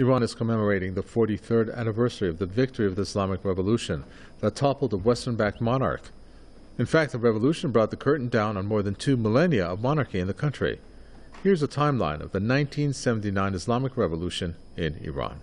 Iran is commemorating the 43rd anniversary of the victory of the Islamic Revolution that toppled a Western-backed monarch. In fact, the revolution brought the curtain down on more than two millennia of monarchy in the country. Here's a timeline of the 1979 Islamic Revolution in Iran.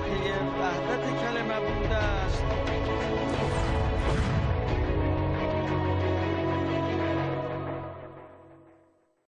پی وحدت کلمه بوده است